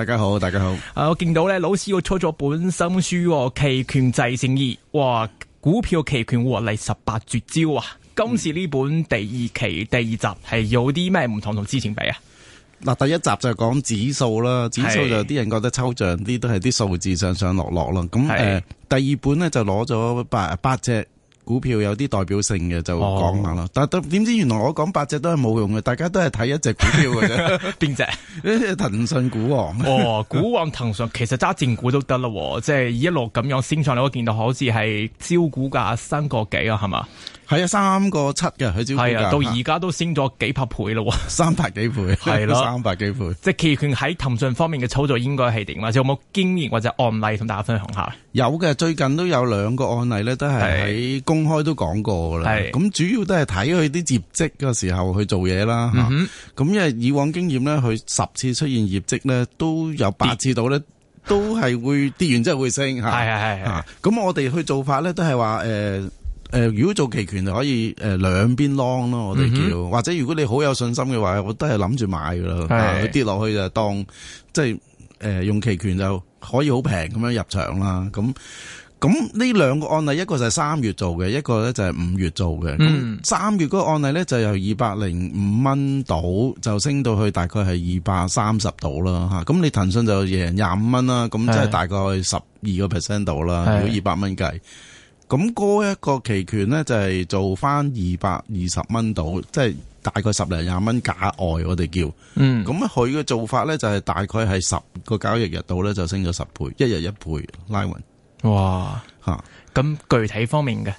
大家好，大家好。我見到咧，老師我出咗本新書《期權制勝二》，哇！股票期權獲利十八絕招啊！今次呢本第二期第二集係有啲咩唔同同之前比啊？嗱、嗯，第一集就係講指數啦，指數就啲人覺得抽象啲，都係啲數字上上落落咯。咁誒，呃、是的 第二本呢，就攞咗八八隻。股票有啲代表性嘅就講下啦，哦、但係點知原來我講八隻都係冇用嘅，大家都係睇一隻股票嘅啫。邊 隻？ 騰訊股王 哦，股王騰訊其實揸正股都得啦，即係一路咁樣先上你我見到好似係招股價三個幾啊，係嘛？係啊，三個七嘅佢招股價係啊，到而家都升咗幾百倍咯，三百幾倍，係、huh. 咯對，三百幾倍。即係期權喺騰訊方面嘅操作，應該係點或者有冇經驗或者案例同大家分享下？有嘅，最近都有兩個案例咧，都係喺公開都講過啦。係咁、uh，huh. 主要都係睇佢啲業績嘅時候去做嘢啦。咁、uh huh. 因為以往經驗咧，佢十次出現業績咧，都有八次到咧，都係會跌完之後 會升。係係係。咁我哋去做法咧，都係話誒。誒、呃，如果做期權就可以誒兩邊 long 咯，呃 mm hmm. 我哋叫，或者如果你好有信心嘅話我，我都係諗住買噶啦， 啊、跌落去就當即係誒、呃、用期權就可以好平咁樣入場啦。咁咁呢兩個案例，一個就係三月做嘅，一個咧就係五月做嘅。三 月嗰個案例咧就由二百零五蚊到就升到去大概係二百三十度啦，吓咁你騰訊就贏廿五蚊啦，咁即係大概十二個 percent 到啦，如果二百蚊計。咁嗰一個期權咧，就係、是、做翻二百二十蚊到，即係大概十零廿蚊價外，我哋叫。嗯。咁佢嘅做法咧就係、是、大概係十個交易日度咧就升咗十倍，一日一倍拉勻。哇！吓、啊，咁具體方面嘅？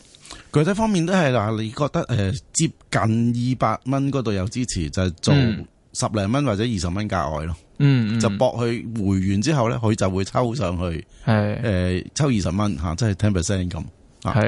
具體方面都係嗱，你覺得誒、呃、接近二百蚊嗰度有支持，就係、是、做十零蚊或者二十蚊價外咯。嗯，嗯，嗯。就博佢回完之後咧，佢就會抽上去。係是。誒、呃，抽二十蚊吓，即係 ten percent 咁。就是係咁、啊、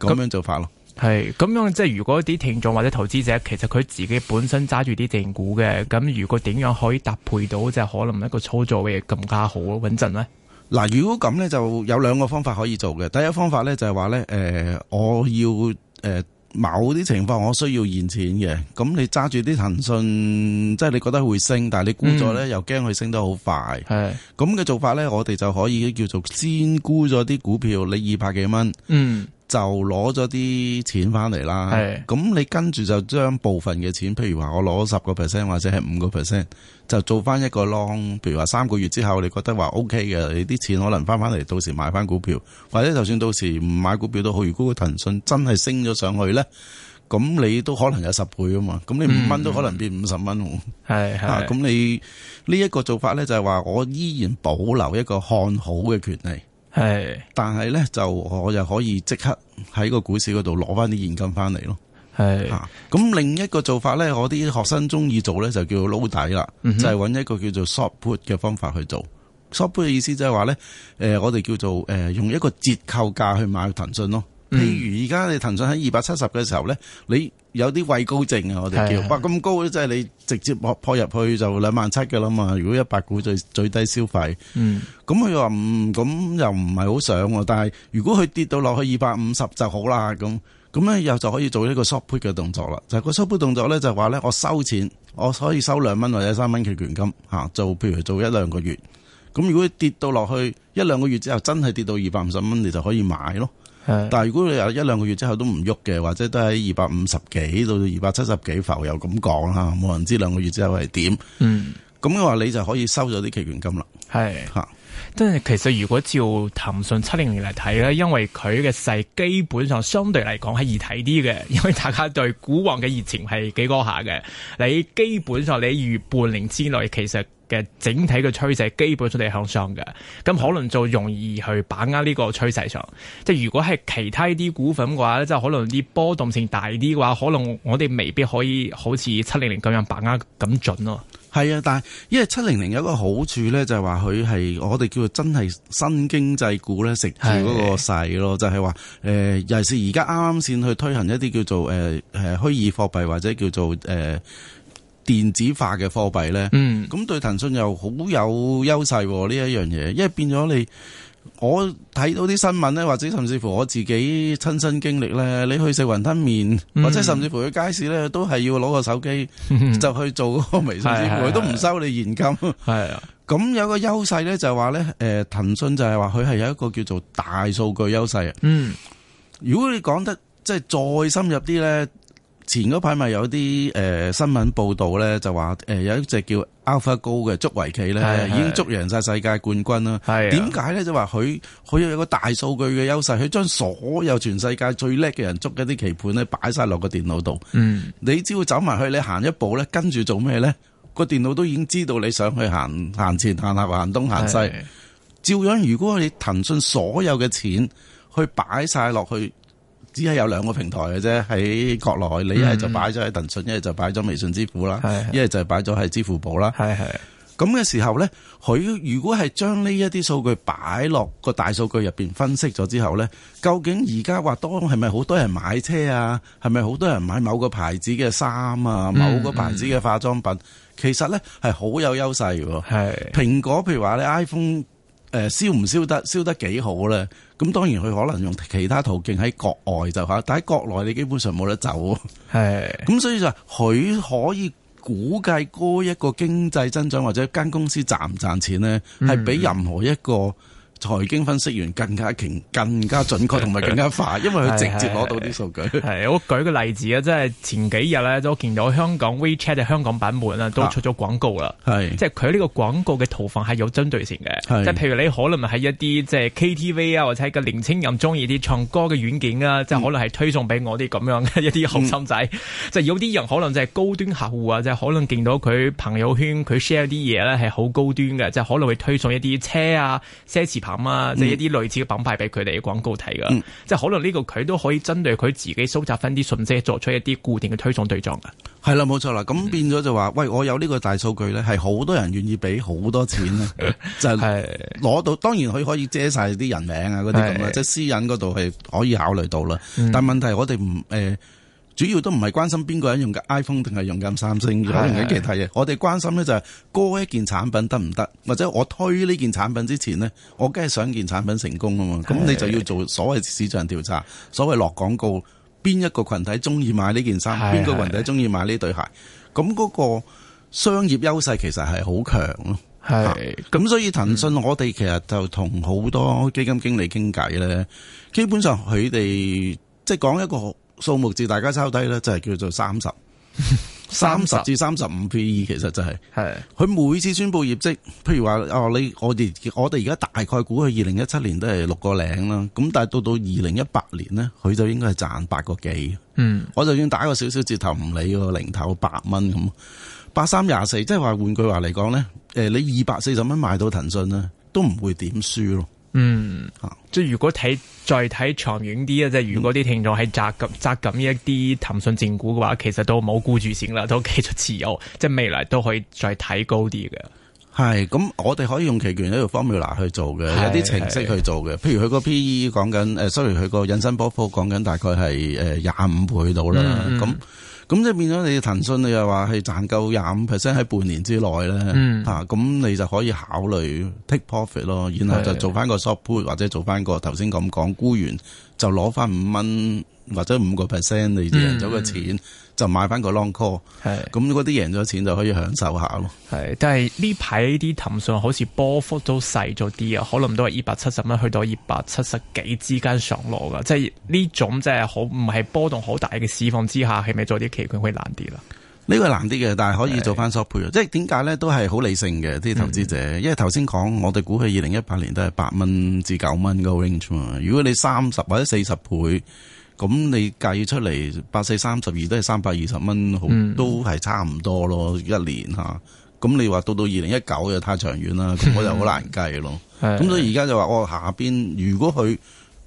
係樣做法咯，係咁樣即係如果啲聽眾或者投資者，其實佢自己本身揸住啲正股嘅，咁如果點樣可以搭配到就可能一個操作嘅嘢更加好穩陣呢？嗱，如果咁呢，就有兩個方法可以做嘅，第一個方法呢，就係話呢，誒，我要誒。呃某啲情況我需要現錢嘅，咁你揸住啲騰訊，即係你覺得會升，但係你沽咗咧又驚佢升得好快，係咁嘅做法咧，我哋就可以叫做先沽咗啲股票，你二百幾蚊。嗯就攞咗啲錢翻嚟啦，係。咁你跟住就將部分嘅錢，譬如話我攞十個 percent 或者係五個 percent，就做翻一個 long。譬如話三個月之後，你覺得話 OK 嘅，你啲錢可能翻翻嚟，到時買翻股票，或者就算到時唔買股票都好。如果個騰訊真係升咗上去咧，咁你都可能有十倍啊嘛。咁你五蚊都可能變五十蚊喎。係係。咁你呢一個做法咧，就係話我依然保留一個看好嘅權利。係，是但係咧就我又可以即刻喺個股市嗰度攞翻啲現金翻嚟咯。係是，咁、啊、另一個做法咧，我啲學生中意做咧就叫撈底啦，就係揾一個叫做 short put 嘅方法去做。short put 嘅意思就係話咧，誒、呃，我哋叫做誒、呃、用一個折扣價去買騰訊咯。譬如而家你騰訊喺二百七十嘅時候咧，你有啲畏高症啊，我哋叫哇咁係係高，即係你直接破破入去就兩萬七嘅啦嘛。如果一百股最最低消費，嗯，嗯，咁佢話唔咁又唔係好想喎、啊。但係如果佢跌到落去二百五十就好啦。咁咁咧又就可以做一個 short put 嘅動作啦。就係、個 short put 動作咧就係話咧我收錢，我可以收兩蚊或者三蚊嘅權金嚇、啊，做譬如做一兩個月。咁如果跌到落去一兩個月之後真係跌到二百五十蚊，你就可以買咯。但係如果你有一兩個月之後都唔喐嘅，或者都喺二百五十幾到到二百七十幾浮，又咁講啦，冇人知兩個月之後係點。嗯，咁嘅話你就可以收咗啲期權金啦。係吓的，即係的其實如果照騰訊七零零嚟睇咧，因為佢嘅勢基本上相對嚟講係易睇啲嘅，因為大家對股王嘅熱情係幾高下嘅。你基本上你如半年之內，其實。嘅整體嘅趨勢基本出嚟向上嘅，咁可能就容易去把握呢個趨勢上。即係如果係其他啲股份嘅話咧，就可能啲波動性大啲嘅話，可能我哋未必可以好似七零零咁樣把握咁準咯。係啊，但係因為七零零有一個好處咧，就係話佢係我哋叫做真係新經濟股咧，食住嗰個勢咯，就係話誒，尤其是而家啱啱先去推行一啲叫做誒誒虛擬貨幣或者叫做誒。呃電子化嘅貨幣咧，咁、嗯、對騰訊又好有優勢呢、啊、一樣嘢，因為變咗你，我睇到啲新聞咧，或者甚至乎我自己親身經歷咧，你去食雲吞麵，嗯、或者甚至乎去街市咧，都係要攞個手機、嗯、就去做嗰個微信支付，佢都唔收你現金。係啊的，咁有個優勢咧，就係話咧，誒騰訊就係話佢係有一個叫做大數據優勢。嗯，如果你講得即係、就是、再深入啲咧。前嗰排咪有啲誒、呃、新聞報導咧，就話誒、呃、有一隻叫 AlphaGo 嘅捉圍棋咧，的已經捉贏晒世界冠軍啦。點解咧？就話佢佢有一個大數據嘅優勢，佢將所有全世界最叻嘅人捉嗰啲棋盤咧，擺晒落個電腦度。嗯、你只要走埋去，你行一步咧，跟住做咩咧？個電腦都已經知道你想去行行前、行下行東、行西。照的樣，如果你騰訊所有嘅錢去擺晒落去。只係有兩個平台嘅啫，喺國內，你一係就擺咗喺騰訊，一係就擺咗微信支付啦，一係係係就擺咗係支付寶啦。係係。咁嘅時候咧，佢如果係將呢一啲數據擺落個大數據入邊分析咗之後咧，究竟而家話當係咪好多人買車啊？係咪好多人買某個牌子嘅衫啊？嗯、某個牌子嘅化妝品，嗯、其實咧係好有優勢㗎。係蘋果譬如話你 iPhone。的誒燒唔燒得，燒得幾好咧？咁當然佢可能用其他途徑喺國外就嚇，但喺國內你基本上冇得走。係咁是， 所以就佢可以估計嗰一個經濟增長或者間公司賺唔賺錢咧，係比任何一個。財經分析員更加勁、更加準確同埋更加快，因為佢直接攞到啲數據。係， 我舉個例子啊，即係前幾日咧，都見到香港 WeChat 嘅香港版本啊，都出咗廣告啦。係，即係佢呢個廣告嘅投放係有針對性嘅。即係是譬如你可能係一啲即係 KTV 啊，或者個年輕人中意啲唱歌嘅軟件啊，即係可能係推送俾我啲咁樣嘅一啲後生仔。即係 有啲人可能就係高端客戶啊，即係可能見到佢朋友圈佢 share 啲嘢咧係好高端嘅，即係可能會推送一啲車啊奢侈。啊，嗯、即係一啲類似嘅品牌俾佢哋嘅廣告睇噶，嗯、即係可能呢個佢都可以針對佢自己收集翻啲信息，作出一啲固定嘅推送對象噶。係啦，冇錯啦，咁變咗就話，嗯、喂，我有呢個大數據咧，係好多人願意俾好多錢咧，嗯、就係攞到。的當然佢可以遮晒啲人名啊，嗰啲咁啊，的的即係私隱嗰度係可以考慮到啦。嗯、但係問題我哋唔誒。呃主要都唔係關心邊個人用嘅 iPhone 定係用緊三星，嘅。或者用緊其他嘢。是是我哋關心呢就係、是，嗰一件產品得唔得，或者我推呢件產品之前呢，我梗係想件產品成功啊嘛。咁是是 你就要做所謂市場調查，所謂落廣告，邊一個群體中意買呢件衫，邊是是 個群體中意買呢對鞋。咁嗰是是 個商業優勢其實係好強咯。係是是、啊。咁所以騰訊，我哋其實就同好多基金經理傾偈呢，是是嗯、基本上佢哋即係講一個。數目字大家抄低咧，就係叫做三十，三十至三十五 P 二其實就係、是、係。佢的每次宣布業績，譬如話啊、哦，你我哋我哋而家大概估佢二零一七年都係六個零啦。咁但係到到二零一八年呢，佢就應該係賺八個幾。嗯，我就算打個少少折頭，唔理個零頭八蚊咁，八三廿四。即係話，換句話嚟講呢，誒，你二百四十蚊賣到騰訊呢，都唔會點輸咯。嗯，即係如果睇再睇長遠啲啊，即係如果啲聽眾係扎咁扎咁一啲騰訊正股嘅話，其實都冇顧住先啦，都繼續持有，即係未來都可以再睇高啲嘅。係，咁我哋可以用期權呢個方面嚟去做嘅，有啲程式去做嘅，譬如佢個 PE 講緊，誒、呃、，sorry，佢個引申波幅講緊大概係誒廿五倍到啦，咁、嗯。那嗯咁即係變咗你騰訊，你又話係賺夠廿五 percent 喺半年之內咧，嗯、啊，咁你就可以考慮 take profit 咯，然後就做翻個 short put 或者做翻個頭先咁講沽完就攞翻五蚊。或者五個 percent 你贏咗個錢、嗯、就買翻個 long call，係咁嗰啲贏咗錢就可以享受下咯。係，但係呢排啲騰訊好似波幅都細咗啲啊，可能都係二百七十蚊去到二百七十幾之間上落噶，即係呢種即係好唔係波動好大嘅市況之下，係咪做啲期權會難啲啦？呢個係難啲嘅，但係可以做翻 short put 啊。即係點解咧？都係好理性嘅啲投資者，嗯、因為頭先講我哋估佢二零一八年都係八蚊至九蚊個 range 嘛。如果你三十或者四十倍。咁你計出嚟八四三十二都係三百二十蚊，嗯、都係差唔多咯一年吓。咁、啊、你話到到二零一九又太長遠啦， 我又好難計咯。咁所以而家就話我、哦、下邊如果佢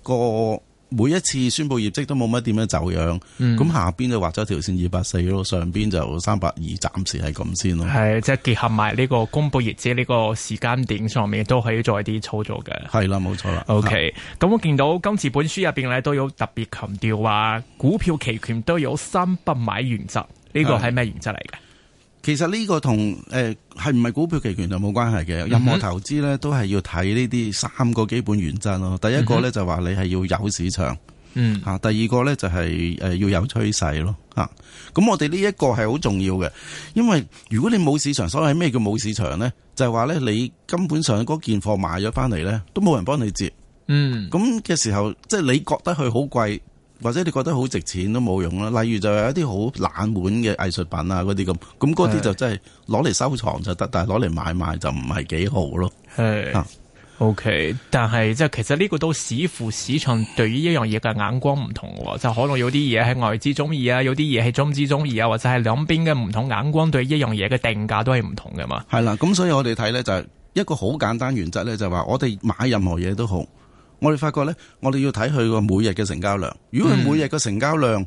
個。每一次宣佈業績都冇乜點樣走樣，咁、嗯、下邊就畫咗條線二百四咯，上邊就三百二，暫時係咁先咯。係即係結合埋呢個公佈業績呢個時間點上面，都可以做一啲操作嘅。係啦，冇錯啦。OK，咁的我見到今次本書入邊咧都有特別強調話，股票期權都有三不買原則，呢、這個係咩原則嚟嘅？其實呢個同誒係唔係股票期權就冇關係嘅，任何投資咧都係要睇呢啲三個基本原則咯。第一個咧就話你係要有市場，吓、啊，第二個咧就係、是、誒、呃、要有趨勢咯，吓、啊。咁我哋呢一個係好重要嘅，因為如果你冇市場，所謂咩叫冇市場咧，就係話咧你根本上嗰件貨買咗翻嚟，咧都冇人幫你接，嗯。咁嘅時候，即、就、係、是、你覺得佢好貴。或者你覺得好值錢都冇用啦，例如就係一啲好冷門嘅藝術品啊，嗰啲咁，咁嗰啲就真係攞嚟收藏就得，但係攞嚟買賣就唔係幾好咯。係，OK。啊、okay，但係即係其實呢個都視乎市場對於一樣嘢嘅眼光唔同、啊，就可能有啲嘢係外資中意啊，有啲嘢係中資中意啊，或者係兩邊嘅唔同眼光對一樣嘢嘅定價都係唔同嘅嘛。係啦，咁所以我哋睇呢，就係、是、一個好簡單原則呢，就係話我哋買任何嘢都好。我哋發覺咧，我哋要睇佢個每日嘅成交量。如果佢每日嘅成交量，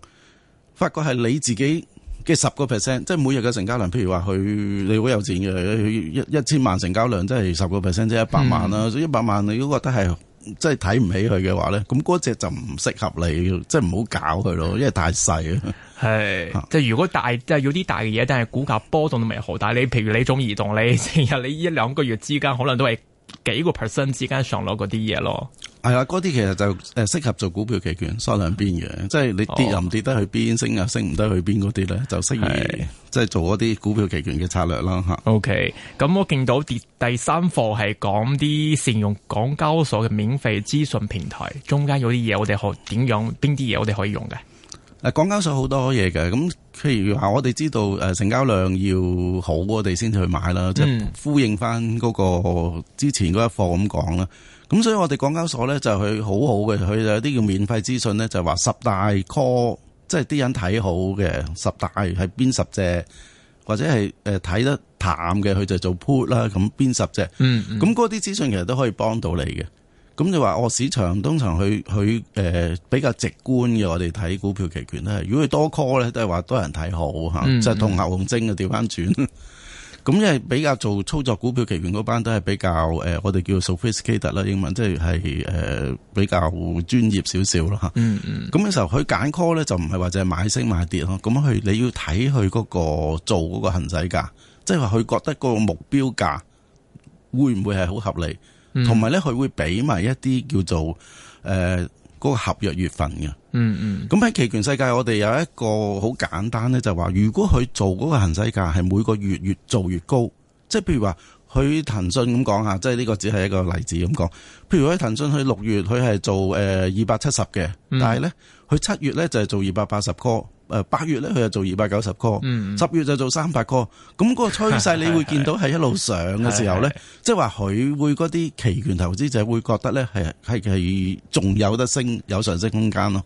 發覺係你自己嘅十個 percent，即係每日嘅成交量。譬如話佢，你好有錢嘅，一一千萬成交量，即係十個 percent，即係一百萬啦。所以一百萬，你都覺得係即係睇唔起佢嘅話咧，咁嗰隻就唔適合你，即係唔好搞佢咯，因為太細。係即係如果大，即係有啲大嘅嘢，但係股價波動都未好大。但係你譬如你中移動，你成日 你一兩個月之間可能都係。幾個 percent 之間上落嗰啲嘢咯，係啊，嗰啲其實就誒適合做股票期權收兩邊嘅，即係你跌又唔跌得去邊，哦、升又升唔得去邊嗰啲咧，就適宜即係的做嗰啲股票期權嘅策略啦吓。OK，咁我見到第第三課係講啲善用港交所嘅免費資訊平台，中間有啲嘢我哋可點樣，邊啲嘢我哋可以用嘅。誒，港交所好多嘢嘅咁。譬如話，我哋知道誒成交量要好，我哋先去買啦，即係、嗯、呼應翻嗰個之前嗰一課咁講啦。咁所以我哋港交所咧就佢好好嘅，佢有啲叫免費資訊咧，就話十大 call，即係啲人睇好嘅，十大係邊十隻，或者係誒睇得淡嘅，佢就做 put 啦，咁邊十隻。嗯，咁嗰啲資訊其實都可以幫到你嘅。咁就話，我市場通常佢佢誒比較直觀嘅，我哋睇股票期權咧。如果佢多 call 咧，都係話多人睇好吓，嗯嗯就同牛熊證嘅調翻轉。咁 因為比較做操作股票期權嗰班，都係比較誒、呃，我哋叫 sophisticated 啦，英文即係誒比較專業少少咯吓。咁嘅、嗯嗯、時候，佢揀 call 咧，就唔係話淨係買升買跌咯。咁佢你要睇佢嗰個做嗰個行使價，即係話佢覺得嗰個目標價會唔會係好合理？同埋咧，佢會俾埋一啲叫做誒嗰、呃那個合約月份嘅、嗯。嗯嗯。咁喺期權世界，我哋有一個好簡單咧，就話、是、如果佢做嗰個行使價係每個月越做越高，即係譬如話，佢騰訊咁講吓，即係呢個只係一個例子咁講。譬如喺騰訊，佢六、嗯、月佢係、就是、做誒二百七十嘅，但係咧，佢七月咧就係做二百八十 call 誒，八月咧佢就做二百九十 call，十、嗯、月就做三百 call，咁嗰、嗯、個趨勢你會見到係一路上嘅時候咧，是是是即係話佢會嗰啲期權投資者會覺得咧係係係仲有得升，有上升空間咯。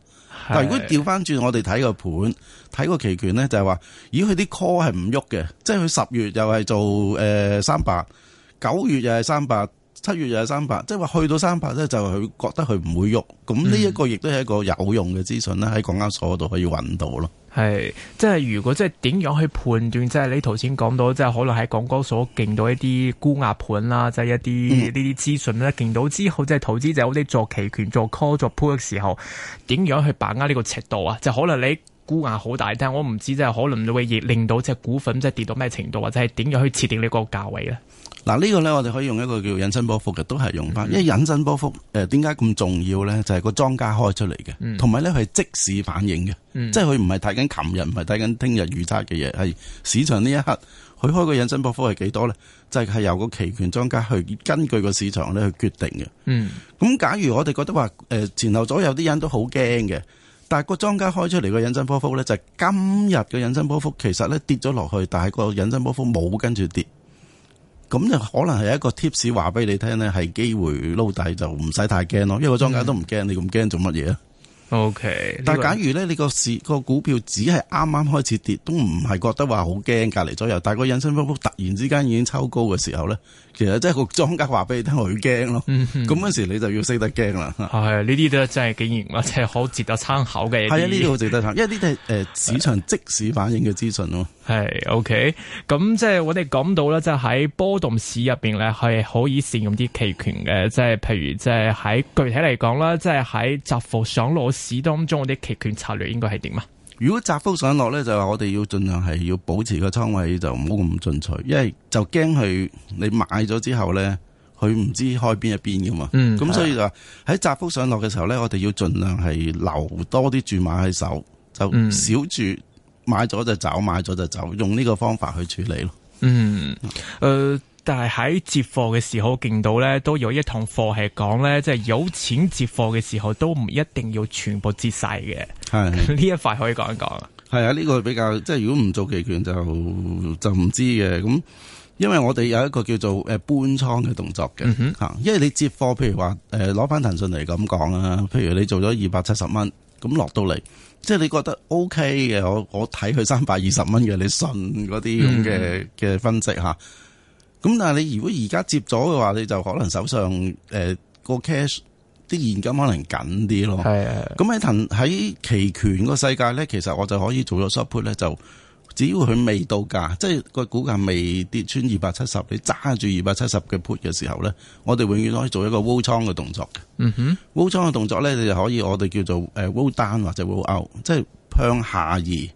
是是但如果調翻轉我哋睇個盤，睇個期權咧，就係話，咦佢啲 call 係唔喐嘅，即係佢十月又係做誒三百，九月又係三百。七月又有三百，即係話去到三百咧，就佢覺得佢唔會喐，咁呢一個亦都係一個有用嘅資訊咧，喺、嗯、港交所度可以揾到咯。係，即係如果即係點樣去判斷，即係你頭先講到，即係可能喺港交所勁到一啲沽壓盤啦，即係一啲呢啲資訊咧，勁到之後，即係投資者好啲做期權、做 call、做 put 嘅時候，點樣去把握呢個尺度啊？就可能你沽壓好大，但係我唔知即係可能你唔會令到隻股份即係跌到咩程度，或者係點樣去設定呢個價位咧？嗱呢個咧，我哋可以用一個叫引伸波幅嘅，都係用翻。嗯、因為引伸波幅誒點解咁重要咧？就係、是、個莊家開出嚟嘅，同埋咧係即時反映嘅，嗯、即係佢唔係睇緊琴日，唔係睇緊聽日預測嘅嘢，係市場呢一刻佢開個引伸波幅係幾多咧？就係、是、由個期權莊家去根據個市場咧去決定嘅。咁、嗯、假如我哋覺得話誒前後左右啲人都好驚嘅，但係個莊家開出嚟個引伸波幅咧，就係今日嘅引伸波幅，其實咧跌咗落去，但係個引伸波幅冇跟住跌。咁就可能係一個 tips 話俾你聽呢係機會撈底就唔使太驚咯，因為個莊家都唔驚，你咁驚做乜嘢啊？OK，但係假如咧，你個市個股票只係啱啱開始跌，都唔係覺得話好驚，隔離左右，但係個引伸波幅突然之間已經抽高嘅時候咧，其實真係個莊家話俾你聽我好驚咯。咁嗰時你就要識得驚啦。係、啊，呢啲都真係經驗或者好值得參考嘅。係啊，呢啲好值得參考，因為呢啲係誒市場即時反映嘅資訊咯。係、hey, OK，咁即係我哋講到咧，即係喺波動市入邊咧，係可以善用啲期權嘅，即係譬如即係喺具體嚟講啦，即係喺窄幅上落市當中，嗰啲期權策略應該係點啊？如果窄幅上落咧，就話我哋要盡量係要保持個倉位，就唔好咁進取，因為就驚佢你買咗之後咧，佢唔知開邊一邊嘅嘛。嗯，咁所以就話喺窄幅上落嘅時候咧，我哋要盡量係留多啲注碼喺手，就少注、嗯。買咗就走，買咗就走，用呢個方法去處理咯。嗯，誒、呃，但係喺接貨嘅時候，見到咧都有一堂課係講咧，即係有錢接貨嘅時候，都唔一定要全部接晒嘅。係呢一塊可以講一講啊。係啊，呢個比較即係，如果唔做期權就就唔知嘅。咁，因為我哋有一個叫做誒搬倉嘅動作嘅。吓，嗯哼，因為你接貨，譬如話誒攞翻騰訊嚟咁講啊，譬如你做咗二百七十蚊，咁落到嚟。即係你覺得 OK 嘅，我我睇佢三百二十蚊嘅，你信嗰啲咁嘅嘅分析吓？咁但係你如果而家接咗嘅話，你就可能手上誒個 cash 啲現金可能緊啲咯。係的，咁喺騰喺期權個世界咧，其實我就可以做咗 short put 咧就。只要佢未到價，即係個股價未跌穿二百七十，你揸住二百七十嘅 put 嘅時候咧，我哋永遠可以做一個 roll 倉嘅動作嘅。嗯哼 roll 倉嘅動作咧，你就可以我哋叫做誒 roll down 或者 roll out，即係向下移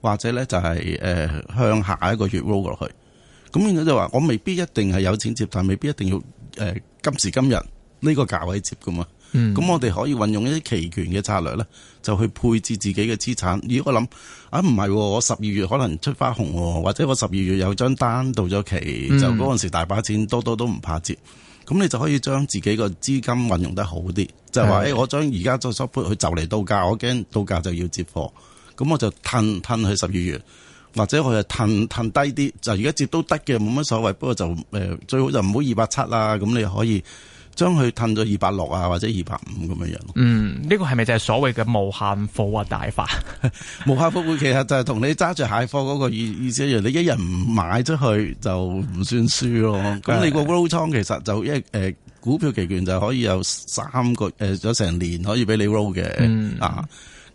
或者咧就係、是、誒、呃、向下一個月 roll 落去。咁變咗就話，我未必一定係有錢接，但係未必一定要誒、呃、今時今日呢個價位接噶嘛。咁、嗯、我哋可以運用一啲期權嘅策略咧，就去配置自己嘅資產。如果我諗啊，唔係、哦、我十二月可能出花紅、哦，或者我十二月有張單到咗期，嗯、就嗰陣時大把錢多多都唔怕接。咁你就可以將自己個資金運用得好啲，就係話誒，我將而家再收盤，佢就嚟到價，我驚到價就要接貨。咁我就褪褪去十二月，或者我就褪褪低啲。就而家接都得嘅，冇乜所謂。不過就誒、呃，最好就唔好二百七啦。咁你可以。將佢褪咗二百六啊，或者二百五咁樣樣咯。嗯，呢個係咪就係所謂嘅無限復活大法？ 無限復活其實就係同你揸住蟹貨嗰個意意思一樣，你一日唔買出去就唔算輸咯。咁你個 roll 倉其實就因為誒股票期權就可以有三個誒，有成年可以俾你 roll 嘅。啊、嗯。嗯嗯嗯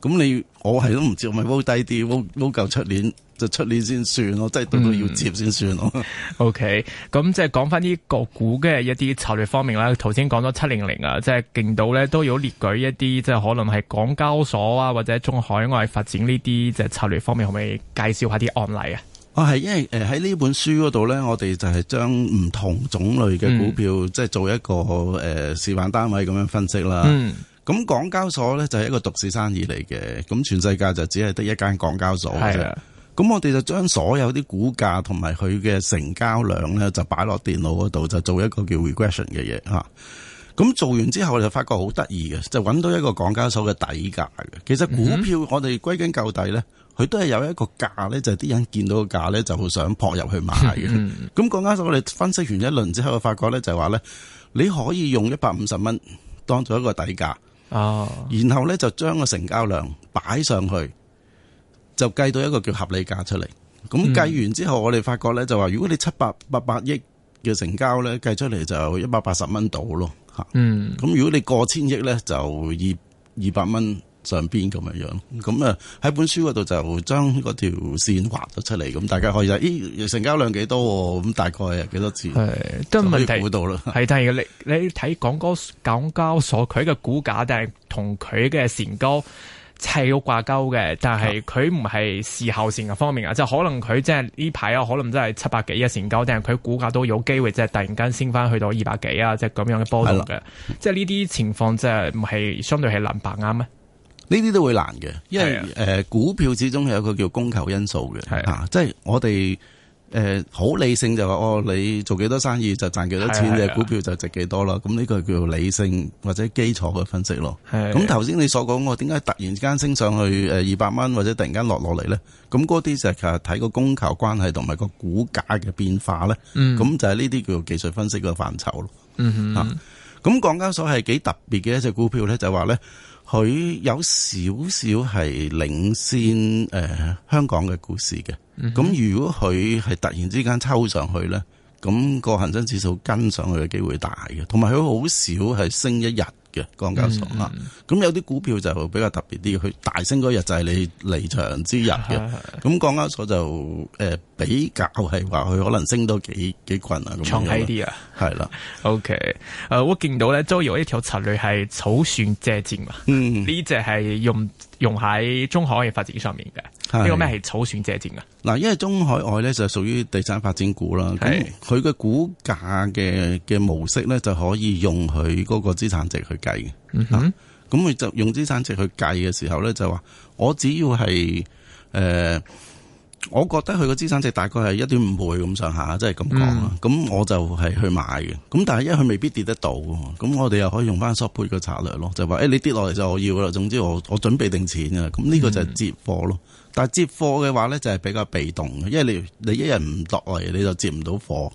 咁你我係都唔接，咪煲低啲，煲夠出年就出年先算咯，即係到到要接先算咯、嗯。OK，咁即係講翻啲個股嘅一啲策略方面啦。頭先講咗七零零啊，即係勁到咧，都有列舉一啲，即係可能係港交所啊或者中海外發展呢啲即係策略方面，可唔可以介紹下啲案例啊？啊，係因為誒喺呢本書嗰度咧，我哋就係將唔同種類嘅股票、嗯、即係做一個誒、呃、示範單位咁樣分析啦。嗯咁港交所咧就係一個獨市生意嚟嘅，咁全世界就只係得一間港交所咁的我哋就將所有啲股價同埋佢嘅成交量咧就擺落電腦嗰度，就做一個叫 regression 嘅嘢吓。咁、啊、做完之後，我就發覺好得意嘅，就揾到一個港交所嘅底價嘅。其實股票、嗯、哼我哋歸根究底咧，佢都係有一個價咧，就係、是、啲人見到個價咧，就好想撲入去買嘅。咁、嗯、港交所我哋分析完一輪之後，我發覺咧就係話咧，你可以用一百五十蚊當做一個底價。哦，然後咧就將個成交量擺上去，就計到一個叫合理價出嚟。咁、嗯、計完之後，我哋發覺咧就話，如果你七百八百億嘅成交咧，計出嚟就一百八十蚊到咯。吓、嗯，咁如果你過千億咧，就二二百蚊。上邊咁樣樣，咁啊喺本書嗰度就將嗰條線畫咗出嚟，咁大家可以咦、哎、成交量幾多、啊？咁大概次啊幾多字？都係估到啦。係，但係你你睇港交港交所佢嘅股價，但係同佢嘅成交係有掛鉤嘅，但係佢唔係事後成嘅方面啊，即係是的 可能佢即係呢排啊，可能真係七百幾嘅成交，但係佢股價都有機會即係突然間升翻去到二百幾啊，即係咁樣嘅波動嘅，即係呢啲情況即係唔係相對係難把握咩？呢啲都會難嘅，因為誒、啊呃、股票始終係有一個叫供求因素嘅，吓、啊，即係、啊就是、我哋誒好理性就話哦，你做幾多生意就賺幾多錢嘅、啊、股票就值幾多啦。咁、這、呢個叫理性或者基礎嘅分析咯。咁頭先你所講我點解突然之間升上去誒二百蚊或者突然間落落嚟咧？咁嗰啲就係睇個供求關係同埋個股價嘅變化咧。咁就係呢啲叫做技術分析嘅範疇咯。吓、啊，咁、啊、港交所係幾特別嘅一隻股票咧，就話、是、咧。就是佢有少少係領先誒、呃、香港嘅股市嘅，咁、mm hmm. 如果佢係突然之間抽上去咧，咁、那個恆生指數跟上去嘅機會大嘅，同埋佢好少係升一日。嘅港交所啦，咁、嗯、有啲股票就比較特別啲，佢大升嗰日就係你離場之日嘅，咁港交所就誒、呃、比較係話佢可能升到幾、嗯、幾羣啊咁樣，長啲啊，係啦，OK，誒我見到咧、嗯、周遊一條策略係草船借箭嘛，呢只係用。用喺中海嘅發展上面嘅呢個咩係草船借箭嘅？嗱的，因為中海外咧就屬於地產發展股啦，咁佢嘅股價嘅嘅模式咧就可以用佢嗰個資產值去計嘅。咁佢、嗯哼啊、就用資產值去計嘅時候咧就話，我只要係誒。呃我覺得佢個資產值大概係一點五倍咁上下，即係咁講啦。咁、嗯、我就係去買嘅。咁但係因為佢未必跌得到，咁我哋又可以用翻 short put 嘅策略咯，就話誒、欸、你跌落嚟就我要啦。總之我我準備定錢啊。咁呢個就係接貨咯。嗯、但係接貨嘅話咧就係比較被動嘅，因為你你一日唔落嚟你就接唔到貨。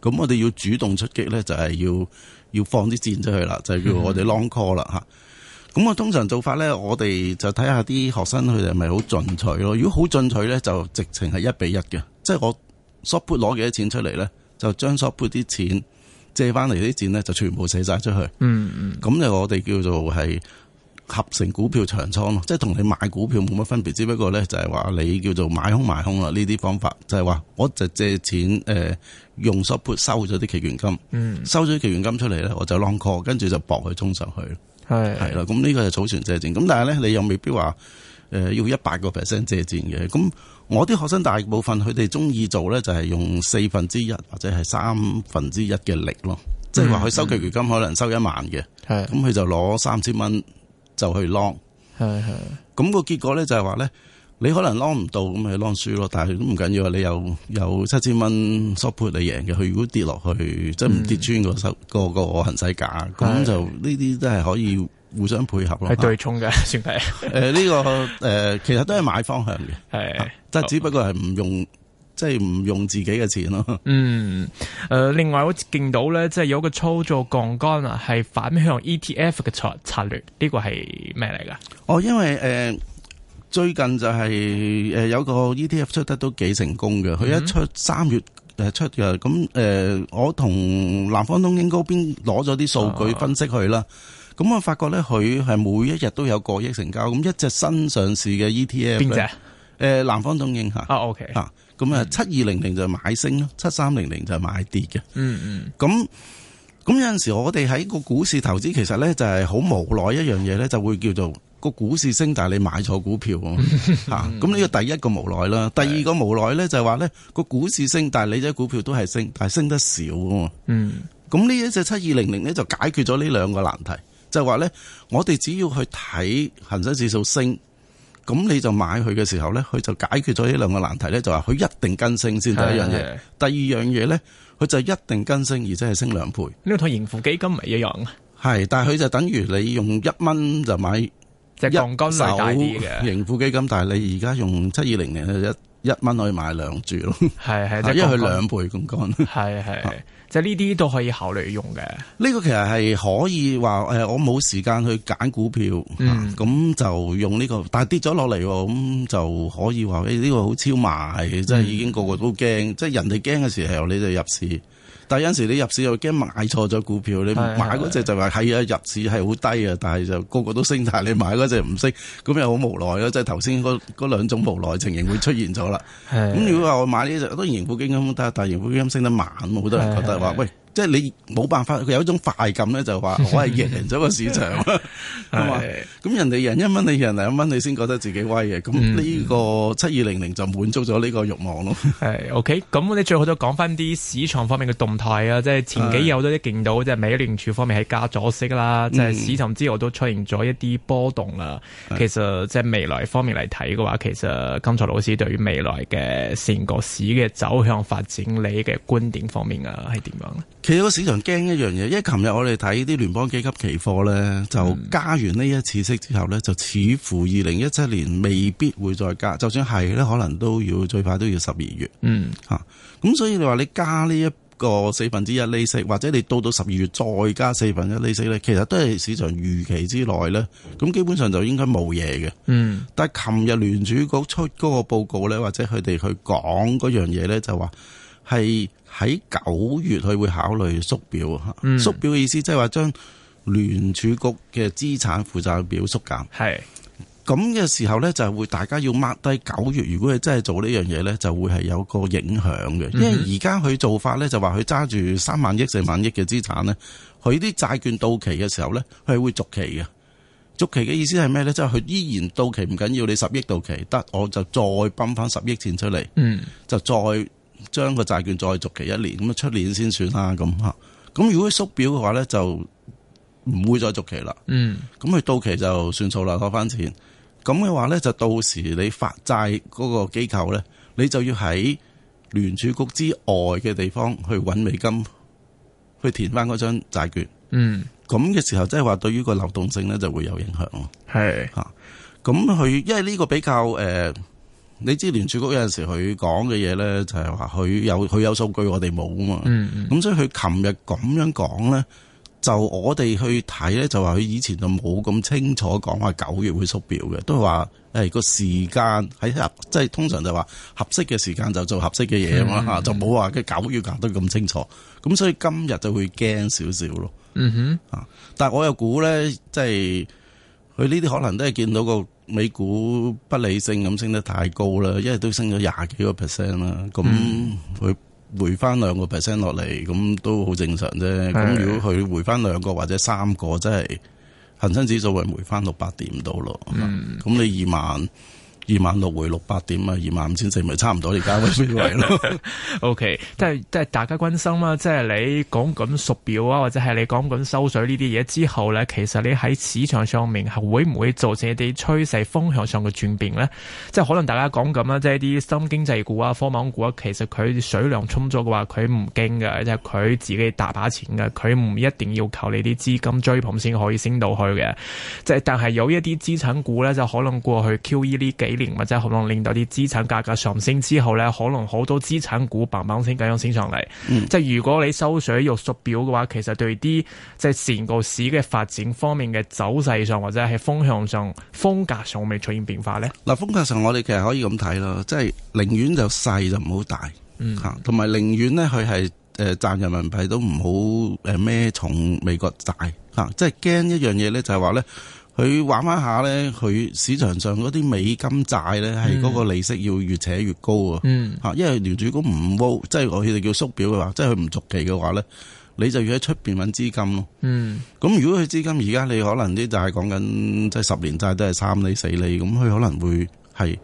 咁我哋要主動出擊咧就係要要放啲箭出去啦，就係叫我哋 long call 啦嚇、嗯。嗯。咁我通常做法咧，我哋就睇下啲學生佢哋係咪好進取咯。如果好進取咧，就直情係一比一嘅，即係我 short put 攞幾多錢出嚟咧，就將 short put 啲錢借翻嚟啲錢咧，就全部寫晒出去。嗯嗯。咁就我哋叫做係合成股票長倉咯，即係同你買股票冇乜分別，只不過咧就係話你叫做買空賣空啦。呢啲方法就係話，我就借錢誒、呃、用 short put 收咗啲期權金，嗯，收咗期權金出嚟咧，我就 long call，跟住就搏佢衝上去。係係啦，咁、這個、呢個係草船借箭，咁但係咧，你又未必話誒、呃、要一百個 percent 借箭嘅。咁我啲學生大部分佢哋中意做咧，就係用四分之一或者係三分之一嘅力咯。是的 即係話佢收嘅餘金可能收一萬嘅，咁佢是的 就攞三千蚊就去 long。係係，咁個結果咧就係話咧。你可能攞唔到，咁咪攞輸咯，但係都唔緊要啊！你有有七千蚊 support 你贏嘅。佢如果跌落去，嗯、即係唔跌穿嗰個個行使價，咁就呢啲都係可以互相配合咯。係對沖嘅算係。誒 呢、呃，這個誒、呃、其實都係買方向嘅，係即係只不過係唔用好即係唔用自己嘅錢咯。嗯、誒、呃、另外好似見到咧，即、就、係、是、有個操作槓杆啊，係反向 ETF 嘅策策略，呢個係咩嚟噶？哦，因為誒。呃最近就係誒有個 ETF 出得都幾成功嘅，佢、嗯、一出三月誒出嘅，咁誒、呃、我同南方東英嗰邊攞咗啲數據分析佢啦，咁、哦、我發覺咧佢係每一日都有過億成交，咁一隻新上市嘅 ETF 邊隻誒南方東英吓、哦、OK 吓，咁啊七二零零就買升咯，七三零零就買跌嘅，嗯嗯，咁咁有陣時我哋喺個股市投資其實咧就係好無奈一樣嘢咧，就會叫做。個股市升，但係你買錯股票啊！咁呢個第一個無奈啦，第二個無奈咧就係話咧個股市升，但係你隻股票都係升，但係升得少啊！嗯，咁呢一隻七二零零咧就解決咗呢兩個難題，就係話咧我哋只要去睇恒生指數升，咁你就買佢嘅時候咧，佢就解決咗呢兩個難題咧，就話佢一定跟升先第一樣嘢，是的 第二樣嘢咧，佢就一定跟升而且係升兩倍。呢套盈富基金咪一樣啊？係，但係佢就等於你用一蚊就買。即係槓桿嘅盈富基金，但係你而家用七二零零一一蚊可以買兩注咯，係係即係一佢兩倍咁講，係係 即係呢啲都可以考慮用嘅。呢個其實係可以話誒，我冇時間去揀股票，咁、嗯啊、就用呢、這個。但係跌咗落嚟，咁就可以話誒，呢、欸這個好超賣，嗯、即係已經個個都驚，即係人哋驚嘅時候你就入市。但有陣時你入市又驚買錯咗股票，你買嗰隻就話係啊，入市係好低啊，但係就個個都升，但係你買嗰隻唔升，咁又好無奈啊，即係頭先嗰嗰兩種無奈情形會出現咗啦。咁 如果話我買呢隻，當然盈富基金得，但係盈富基金升得慢，好多人覺得話喂。即係你冇辦法，佢有一種快感咧，就話我係贏咗個市場，係嘛？咁人哋贏一蚊，你贏兩蚊，你先覺得自己威嘅。咁呢個七二零零就滿足咗呢個慾望咯、嗯嗯。 係 OK，咁我哋最好都講翻啲市場方面嘅動態啊。即係前幾日都有啲見到，即係美聯儲方面係加咗息啦，即係的、嗯、市場之外都出現咗一啲波動啦、啊。是的 其實即係未來方面嚟睇嘅話，其實金曹老師對於未來嘅成個市嘅走向發展，你嘅觀點方面啊，係點樣咧？其實個市場驚一樣嘢，因為琴日我哋睇啲聯邦基金期貨咧，就加完呢一次息之後咧，就似乎二零一七年未必會再加，就算係咧，可能都要最快都要十二月。嗯、啊，嚇，咁所以你話你加呢一個四分之一利息，或者你到到十二月再加四分一利息咧，其實都係市場預期之內咧。咁基本上就應該冇嘢嘅。嗯，但係琴日聯儲局出嗰個報告咧，或者佢哋去講嗰樣嘢咧，就話，係喺九月，佢會考慮縮表啊！嗯、縮表嘅意思即係話將聯儲局嘅資產負債表縮減。係咁嘅時候咧，就會大家要 mark 低九月。如果佢真係做呢樣嘢咧，就會係有個影響嘅。因為、嗯、而家佢做法咧，就話佢揸住三萬億、四萬億嘅資產咧，佢啲債券到期嘅時候咧，佢係會續期嘅。續期嘅意思係咩咧？即係佢依然到期唔緊要，你十億到期得，我就再泵翻十億錢出嚟，嗯、就再。將個債券再續期一年，咁啊出年先算啦，咁吓。咁如果縮表嘅話咧，就唔會再續期啦。嗯，咁佢到期就算數啦，攞翻錢。咁嘅話咧，就到時你發債嗰個機構咧，你就要喺聯儲局之外嘅地方去揾美金，去填翻嗰張債券。嗯，咁嘅時候即係話，就是、對於個流動性咧就會有影響咯。係吓是，咁佢因為呢個比較誒。呃你知聯儲局有陣時佢講嘅嘢咧，就係話佢有佢有數據，我哋冇啊嘛。咁、mm hmm. 所以佢琴日咁樣講咧，就我哋去睇咧，就話佢以前就冇咁清楚講話九月會縮表嘅，都係話誒個時間喺合，即係通常就話合適嘅時間就做合適嘅嘢啊嘛，就冇話佢九月搞得咁清楚。咁所以今日就會驚少少咯。嗯哼、mm，啊、hmm.，但係我又估咧，即係佢呢啲可能都係見到個。美股不理性咁升得太高啦，因為都升咗廿幾個 percent 啦，咁佢、嗯、回翻兩個 percent 落嚟，咁都好正常啫。咁的如果佢回翻兩個或者三個，真係恒生指數咪回翻六百點到咯。咁、嗯、你二萬、嗯。20, 二萬六回六百點啊，二萬五千四咪差唔多，而家喺邊位咯？O K，即係即係大家關心啊，即係你講緊縮表啊，或者係你講緊收水呢啲嘢之後咧，其實你喺市場上面係會唔會造成一啲趨勢風向上嘅轉變咧？即係可能大家講緊啦，即係啲新經濟股啊、科網股啊，其實佢水量充足嘅話，佢唔驚嘅，即係佢自己大把錢嘅，佢唔一定要靠你啲資金追捧先可以升到去嘅。即係但係有一啲資產股咧，就可能過去 Q E 呢幾或者可能令到啲資產價格上升之後咧，可能好多資產股棒棒聲咁樣升上嚟。嗯、即係如果你收水肉縮表嘅話，其實對啲即係整個市嘅發展方面嘅走勢上，或者係風向上風格上未出現變化咧。嗱、嗯，風格上我哋其實可以咁睇咯，即係寧願就細就唔好大吓，同埋寧願呢佢係誒賺人民幣都唔好誒咩從美國債吓，即係驚一樣嘢咧就係話咧。呢呢佢玩玩下咧，佢市場上嗰啲美金債咧，係嗰、嗯、個利息要越扯越高啊！嚇、嗯，因為聯儲局唔煲，即係我哋叫縮表嘅話，即係佢唔續期嘅話咧，你就要喺出邊揾資金咯。嗯，咁如果佢資金而家你可能啲就係講緊即係十年債都係三厘四厘，咁佢可能會係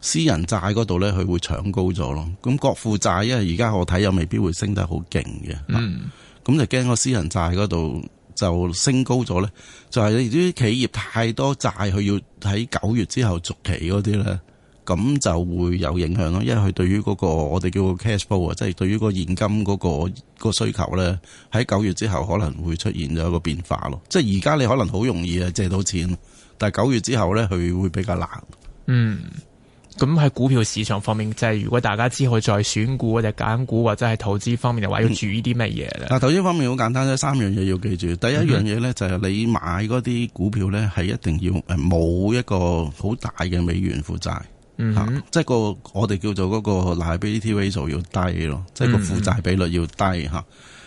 私人債嗰度咧，佢會搶高咗咯。咁國庫債因為而家我睇又未必會升得好勁嘅，嗯，咁就驚個私人債嗰度。就升高咗呢，就係、是、啲企業太多債，佢要喺九月之後續期嗰啲呢，咁就會有影響咯。因為佢對於嗰、那個我哋叫做 cash flow 啊，即係對於個現金嗰、那個那個需求呢，喺九月之後可能會出現咗一個變化咯。即係而家你可能好容易啊借到錢，但係九月之後呢，佢會比較難。嗯。咁喺股票市場方面，就係如果大家之後再選股或者揀股或者係投資方面嘅話，要注意啲咩嘢咧？啊、嗯，嗯嗯、投資方面好簡單啫，三樣嘢要記住。第一樣嘢咧，就係你買嗰啲股票咧，係一定要冇一個好大嘅美元負債、嗯哼啊，即係個我哋叫做嗰個 NAI B T V 數要低咯，即係個負債比率要低吓、嗯哼啊。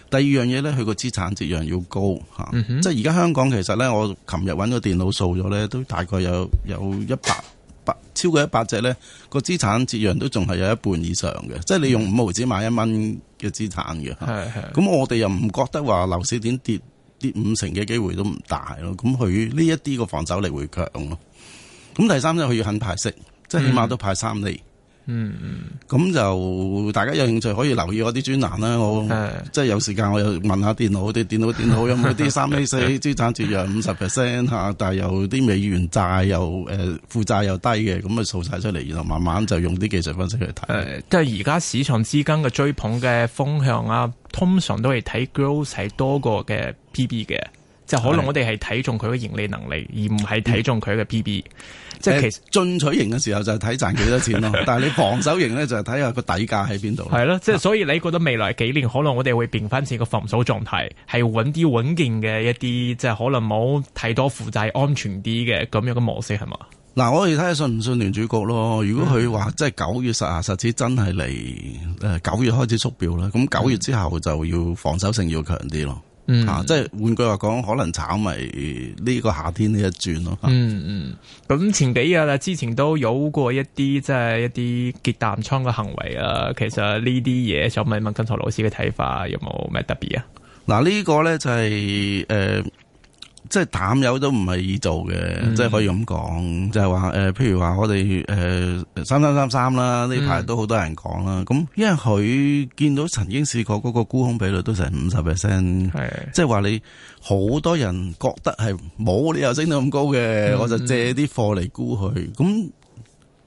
第二樣嘢咧，佢個資產質量要高吓，啊嗯、哼即係而家香港其實咧，我琴日搵個電腦數咗咧，都大概有有一百。超過一百隻咧，個資產折讓都仲係有一半以上嘅，即係你用五毫紙買一蚊嘅資產嘅。係係。咁我哋又唔覺得話樓市點跌跌五成嘅機會都唔大咯。咁佢呢一啲個防守力會強咯。咁第三就佢要肯派息，即係、嗯、起碼都派三厘。嗯，咁就大家有興趣可以留意我啲專欄啦。我是即係有時間我又問下電腦，啲電腦電腦有冇啲三 A 四資產折讓五十 percent 吓， 但係有啲美元債又誒負債又低嘅，咁咪掃晒出嚟，然後慢慢就用啲技術分析去睇。即係而家市場資金嘅追捧嘅風向啊，通常都係睇 growth 係多過嘅 PB 嘅。就可能我哋係睇中佢嘅盈利能力，而唔係睇中佢嘅 P B、嗯。即係其實進取型嘅時候就係睇賺幾多錢咯。 但係你防守型咧就係睇下個底價喺邊度。係咯的，即係、啊、所以你覺得未來幾年可能我哋會變翻成個防守狀態，係揾啲穩健嘅一啲，即係可能冇太多負債，安全啲嘅咁樣嘅模式係嘛？嗱、啊，我哋睇下信唔信聯儲局咯。如果佢話即係九月十日十指真係嚟，誒九月開始縮表啦。咁九月之後就要防守性要強啲咯。嗯，吓、啊，即係換句話講，可能炒埋呢個夏天呢一轉咯、啊嗯。嗯嗯，咁前幾日啦，之前都有過一啲即係一啲結淡倉嘅行為啊。其實呢啲嘢想問一問金曹老師嘅睇法有有，有冇咩特別啊？嗱、嗯，呢、這個咧就係、是、誒。呃即係淡友都唔係易做嘅，嗯、即係可以咁講，即係話誒，譬如話我哋誒三三三三啦，呢排都好多人講啦。咁、嗯、因為佢見到曾經試過嗰個沽空比率都成五十 percent，係即係話你好多人覺得係冇理由升到咁高嘅，嗯、我就借啲貨嚟沽佢。咁、嗯、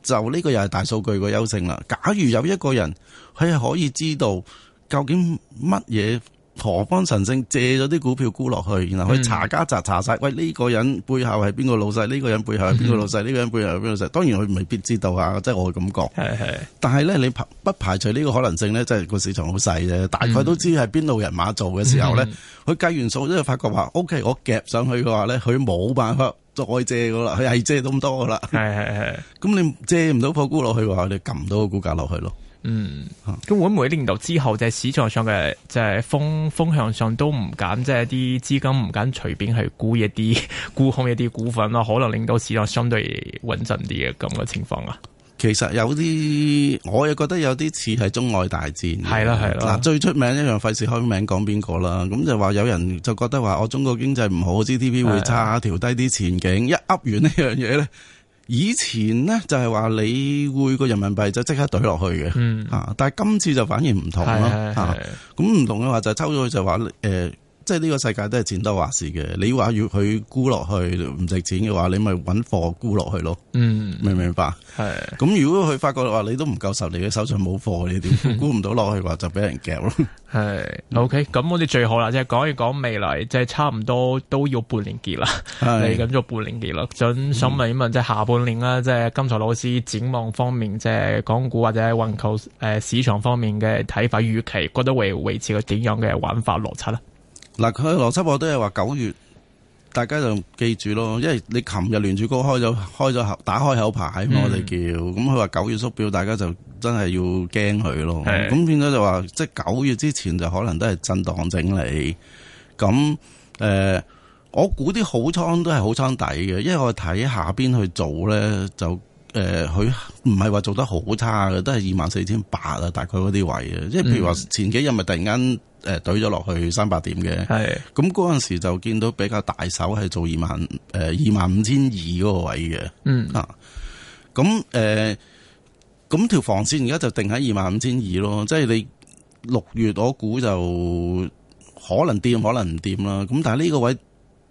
就呢個又係大數據個優勝啦。假如有一個人佢係可以知道究竟乜嘢？何方神聖借咗啲股票沽落去，然後去查家宅查晒，喂，呢個人背後係邊個老細？呢個人背後係邊個老細？呢個人背後係邊個老細？當然佢未必知道啊，即係我嘅感覺。係係。但係咧，你不排除呢個可能性咧？即係個市場好細啫，大概都知係邊路人馬做嘅時候咧，佢計是是 完數之後發覺話，OK，是我夾上去嘅話咧，佢冇辦法再借噶啦，佢係借咁多噶啦。係係係。咁你借唔到破沽落去嘅話，你撳唔到個股價落去咯。嗯，咁會唔會令到之後，就係市場上嘅即係風風向上都唔敢，即係啲資金唔敢隨便去沽一啲沽空一啲股份咯，可能令到市場相對穩陣啲嘅咁嘅情況啊。其實有啲，我又覺得有啲似係中外大戰，係啦係啦。嗱，最出名一樣費事開名講邊個啦。咁就話有人就覺得話我中國經濟唔好，GDP 會差，調低啲前景，的一噏完呢樣嘢咧。以前咧就係話你匯個人民幣就即刻懟落去嘅，啊！嗯、但係今次就反而唔同咯，是是是是啊！咁唔同嘅話就抽咗佢就話誒。呃即係呢個世界都係錢得話事嘅，你話要佢沽落去唔值錢嘅話，你咪揾貨沽落去咯。嗯，明唔明白？係是。咁如果佢發覺話你都唔夠實，你嘅手上冇貨，你點沽唔到落去話就俾人夾咯。係。 OK，咁我哋最好啦，即係講一講未來，即係差唔多都要半年結啦。係是。嚟緊做半年結啦。想想問一問，即係下半年啦，即係金曹老師展望方面，即係港股或者環球誒市場方面嘅睇法預期，覺得會維持個點樣嘅玩法邏輯咧？嗱，佢邏輯我都係話九月，大家就記住咯，因為你琴日聯儲局開咗開咗打開口牌，嗯、我哋叫，咁佢話九月縮表，大家就真係要驚佢咯。咁是的 變咗就話，即係九月之前就可能都係震盪整理。咁誒、呃，我估啲好倉都係好倉底嘅，因為我睇下邊去做咧就。誒，佢唔係話做得好差嘅，都係二萬四千八啊，大概嗰啲位嘅。即係譬如話前幾日咪突然間誒懟咗落去三百點嘅，係的。咁嗰陣時就見到比較大手係做二萬誒二萬五千二嗰個位嘅，嗯啊。咁誒，咁、呃、條防線而家就定喺二萬五千二咯。即係你六月我估就可能掂，可能唔掂啦。咁但係呢個位。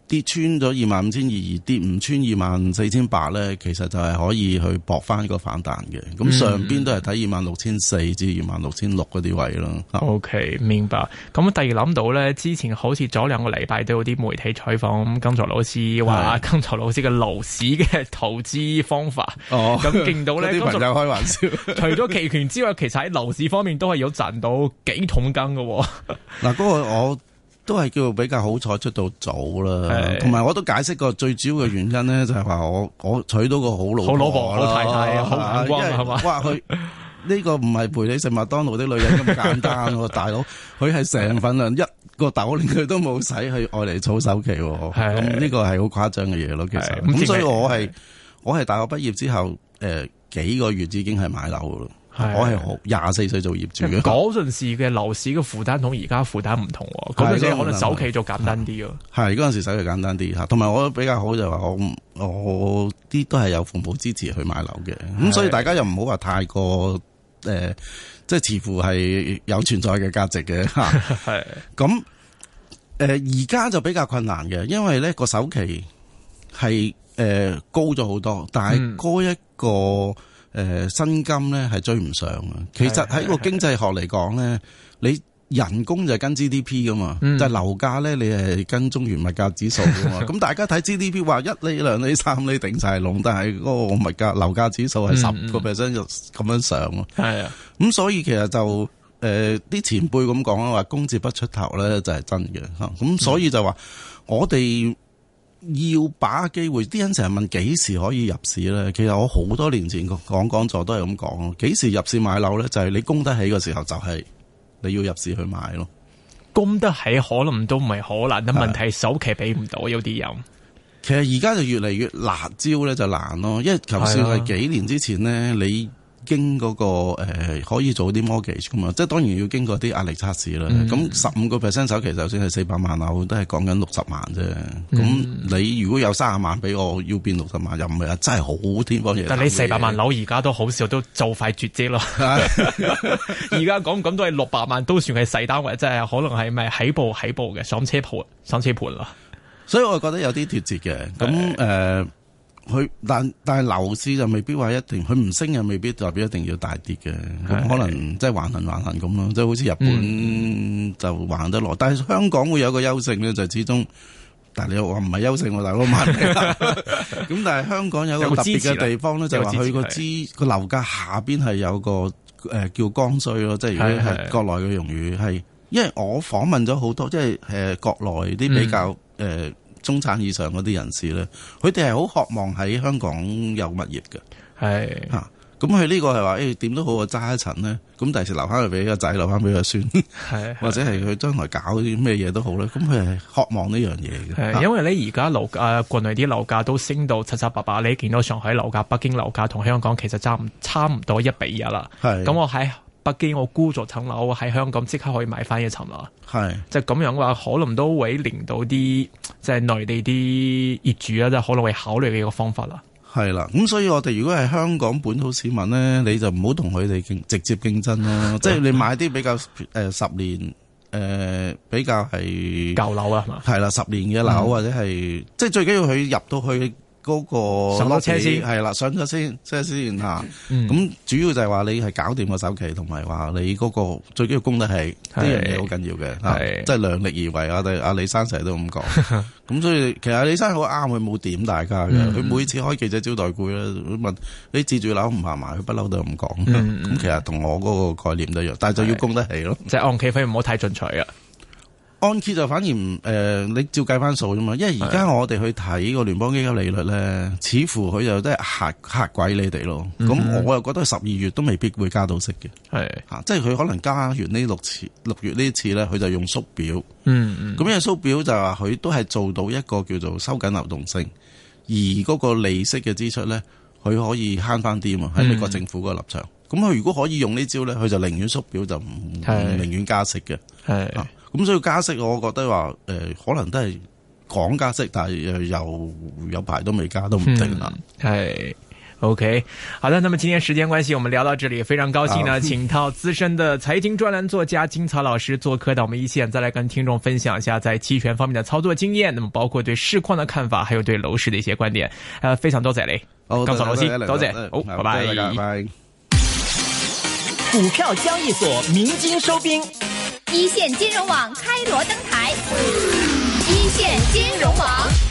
跌穿咗二萬五千二跌唔穿二萬四千八咧，其實就係可以去搏翻個反彈嘅。咁、嗯、上邊都係睇二萬六千四至二萬六千六嗰啲位咯。OK，明白。咁第二諗到咧，之前好似早兩個禮拜都有啲媒體採訪金曹老師話金曹老師嘅樓市嘅投資方法。哦，咁見到咧，金曹又開玩笑， 除咗期權之外，其實喺樓市方面都係有賺到幾桶金嘅。嗱，嗰個我。都係叫比較好彩出到早啦，同埋的我都解釋過最主要嘅原因咧，就係話我我娶到個好老婆好老婆啦，好太太啊、吧因為 哇佢呢個唔係陪你食麥當勞啲女人咁簡單、啊、 大佬佢係成份糧的一個佬連佢都冇使去愛嚟儲首期、啊，咁呢個係好誇張嘅嘢咯，其實咁所以我係的我係大學畢業之後誒、呃、幾個月已經係買樓啦。是我係好廿四歲做業主嘅，嗰陣時嘅樓市嘅負擔同而家負擔唔同，嗰陣是時可能首期就簡單啲咯。係嗰陣時首期簡單啲吓，同埋我比較好就話我我啲都係有父母支持去買樓嘅，咁是所以大家又唔好話太過誒、呃，即係似乎係有存在嘅價值嘅吓。係咁誒，而家、呃、就比較困難嘅，因為咧個首期係誒、呃、高咗好多，但係嗰一個。嗯誒、呃，薪金咧係追唔上嘅。其實喺個經濟學嚟講咧，的你人工就係跟 GDP 噶嘛，嗯、就係樓價咧，你係跟中原物價指數噶嘛。咁 大家睇 GDP 話一厘、兩厘、三厘頂晒籠，但係嗰個物價樓價指數係十個 percent 就咁樣上咯。係啊、嗯嗯，咁所以其實就誒，啲、呃、前輩咁講啦，話工字不出頭咧就係真嘅吓。咁所以就話我哋。嗯要把握機會，啲人成日問幾時可以入市咧。其實我好多年前講講座都係咁講咯。幾時入市買樓咧？就係、是、你供得起嘅時候，就係你要入市去買咯。供得起可能都唔係好難，但問題的首期俾唔到有啲人。其實而家就越嚟越辣招咧，就難咯。因為頭先係幾年之前咧，的你。經嗰、那個誒、呃、可以做啲 mortgage 咁嘛，即係當然要經過啲壓力測試啦。咁十五個 percent 首期就算係四百萬樓，都係講緊六十萬啫。咁你如果有三十萬俾我，要變六十萬，又唔係真係好天方夜？但你四百萬樓而家都好少，都就快絕迹咯。而家講咁都係六百萬都算係細單位，即係可能係咪起步起步嘅上車盤上車盤啦。所以我覺得有啲脫節嘅。咁誒是。嗯呃佢但但係樓市就未必話一定，佢唔升又未必代表一定要大跌嘅。咁的可能即係橫行橫行咁咯，即係好似日本就橫得落，嗯、但係香港會有個優勝咧，就是、始終但係你又話唔係優勝，大佬慢咁，但係香港有個特別嘅地方咧、呃，就係話佢個資個樓價下邊係有個誒叫剛需咯，即係如果係國內嘅用語係，因為我訪問咗好多即係誒國內啲比較誒。嗯中產以上嗰啲人士咧，佢哋係好渴望喺香港有物業嘅。係是啊，咁佢呢個係話，誒、哎、點都好我揸一層咧。咁第時留翻佢俾個仔，留翻俾個孫，係是或者係佢將來搞啲咩嘢都好咧。咁佢係渴望呢樣嘢嘅。係是、啊、因為你而家樓啊，國、呃、內啲樓價都升到七七八八，你見到上海樓價、北京樓價同香港其實差唔差唔多一比一啦。係咁是，我喺。北京我沽咗層樓喺香港即刻可以買翻一層樓，係即係咁樣話可能都會令到啲即係內地啲業主啊，即係可能會考慮嘅一個方法啦。係啦，咁所以我哋如果係香港本土市民咧，你就唔好同佢哋競直接競爭啦。 即係你買啲比較誒、呃、十年誒、呃、比較係舊樓啊，係啦吧，十年嘅樓或者係即係最緊要佢入到去。嗰個上咗車先，係啦，上咗先，車先嚇。咁主要就係話你係搞掂個首期，同埋話你嗰個最緊要供得起呢樣嘢，好緊要嘅。係，即係量力而為。阿阿李生成日都咁講。咁所以其實李生好啱，佢冇點大家嘅。佢每次開記者招待會咧，問你自住樓唔行埋，佢不嬲都咁講。咁其實同我嗰個概念一樣，但係就要供得起咯。即係按期費唔好太進取啊。安揭，就反而唔，誒，你照計翻數啫嘛。因為而家我哋去睇個聯邦基金利率咧，似乎佢就真係吓吓鬼你哋咯。咁我又覺得十二月都未必會加到息嘅。係，吓，即係佢可能加完呢六次六月呢一次咧，佢就用縮表。嗯嗯。咁因為縮表就話佢都係做到一個叫做收緊流動性，而嗰個利息嘅支出咧，佢可以慳翻啲啊。喺美國政府個立場，咁佢如果可以用呢招咧，佢就寧願縮表就唔寧願加息嘅。係。咁所以加息，我覺得話誒、呃，可能都係講加息，但係又有，有排都未加，都唔定啦。係、嗯哎、，OK，好的，那麼今天時間關係，我們聊到這裏，非常高興呢，嗯、請到資深的財經專欄作家金曹老師做客到我們一線，再來跟聽眾分享一下在期權方面的操作經驗，那麼包括對市況的看法，還有對樓市的一些觀點，啊、呃，非常多謝你，金曹老師，多謝，多謝好，好好好好拜拜。股票交易所鳴金收兵。一線金融網開鑼登台，一線金融網。